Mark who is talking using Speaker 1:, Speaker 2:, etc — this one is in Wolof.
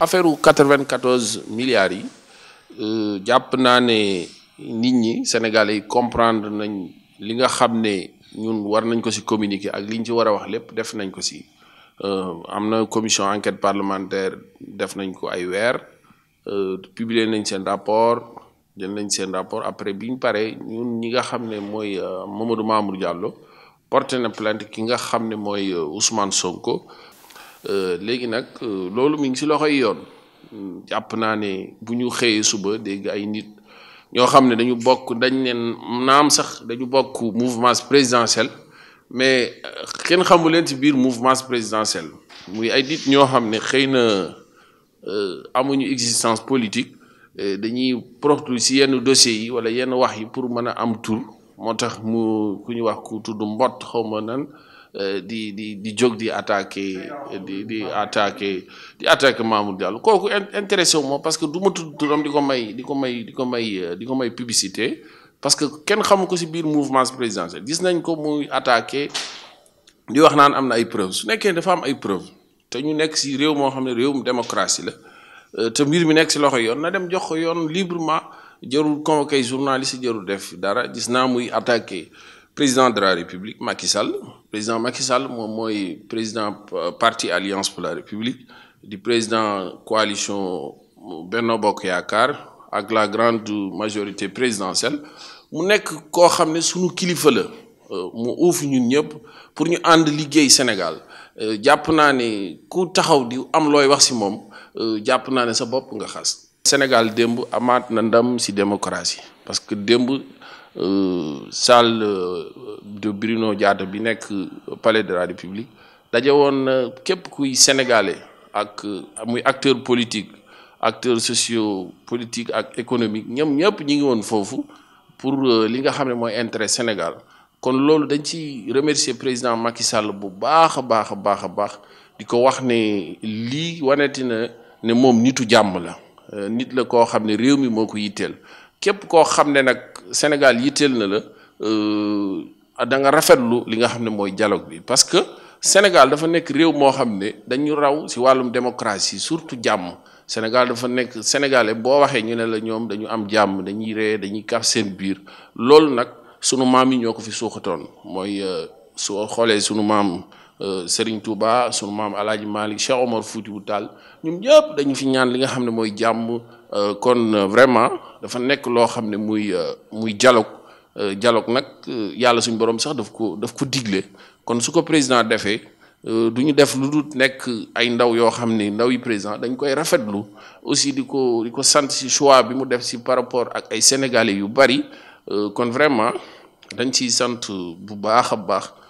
Speaker 1: affaire u 94 milliards yi euh, jàpp naa ne nit ñi Sénégalais yi comprendre nañ li nga xam ne ñun war nañ ko si communiquer ak li ñu ci war a wax lépp def nañ ko ci euh, am na commission enquête parlementaire def nañ ko ay weer euh, publier nañ seen rapport jël nañ seen rapport après bi ñu paree ñun ñi nga xam ne mooy Mamadou Mamour Diallo porté na plantique ki nga xam ne mooy Ousmane Sonko. Euh, léegi nag euh, loolu mu ngi si loxo yi yoon jàpp naa ne bu ñu xëyee suba dégg ay nit ñoo xam ne dañu bokk dañ leen naam sax dañu bokk mouvement présidentiel mais euh, kenn xamu leen ci biir mouvement présidentiel muy ay nit ñoo xam ne xëy na amuñu existence politique dañuy proxtu si yenn dossiers yi wala yenn wax yi pour mën a am tur moo tax mu ku ñu wax ku tudd mbott xawma ma nan Eh, di di di jóg di attaqué di di attaqué di attaqué Mamour Diallo kooku intéressé wu ma parce que du ma di ko may di ko may di ko may eh, di ko may publicité parce que kenn xamu ko si biir mouvement présidentiel gis nañ ko muy attaqué di wax naan am na ay preuve su nekkee dafa am ay preuve te ñu nekk si réew moo xam ne réew réewum démocratie la eh, te mbir mi nekk si loxo yoon na dem jox ko yoon librement jarul convoqué journaliste jarul def dara gis naa muy attaqué. président de la république Macky Sall président Macky Sall moom mooy président euh, parti alliance pour la république di président coalition Benno Bokk Yaakaar ak la grande majorité présidentielle mu nekk koo xam ne sunu kilifa la euh, mu uuf ñun ñëpp pour ñu ànd liggéey Sénégal euh, jàpp naa ne ku taxaw di am looy wax si moom jàpp naa ne sa bopp nga xas. Sénégal démb amaat na ndam si démocratie parce démb. Euh, salle euh, de Bruno Diatta bi nekk euh, palais de la République daje woon na képp kuy sénégalais ak muy acteur politique acteur socio politique ak économique ñoom ñëpp ñu ngi woon foofu pour li nga xam ne mooy intérêt Sénégal kon loolu dañ ci remercier président Macky Sall bu baax a baax a baax a baax di ko wax ne lii waneti na ne moom nitu jàmm la nit la koo xam ne réew mi moo ko yitteel képp koo xam ne nag Sénégal yitteel na la euh, da nga rafetlu li nga xam ne mooy dialogue bi parce que Sénégal dafa nekk réew moo xam ne dañu raw si wàllum démocratie surtout jàmm Sénégal dafa nekk sénégalais boo waxee ñu ne la ñoom dañu am jàmm dañuy ree dañuy kaf seen biir loolu nag sunu maam yi ñoo ko fi suuxatoon mooy. Euh, soo xoolee suñu maam euh, Serigne Touba sunu maam El Hadj Malick Cheikh Omar Foutiyou Tall ñoom ñëpp dañu fi ñaan li nga xam ne mooy jàmm euh, kon euh, vraiment dafa nekk loo xam ne muy muy dialogue dialogue nag yàlla suñu borom sax daf ko daf ko digle kon su ko président defee du ñu def lu dul nekk ay ndaw yoo xam ne ndaw yi président dañ koy rafetlu aussi di ko di ko sant si choix bi mu def si par rapport ak ay sénégalais yu bari kon vraiment dañ ciy sant bu baax a baax.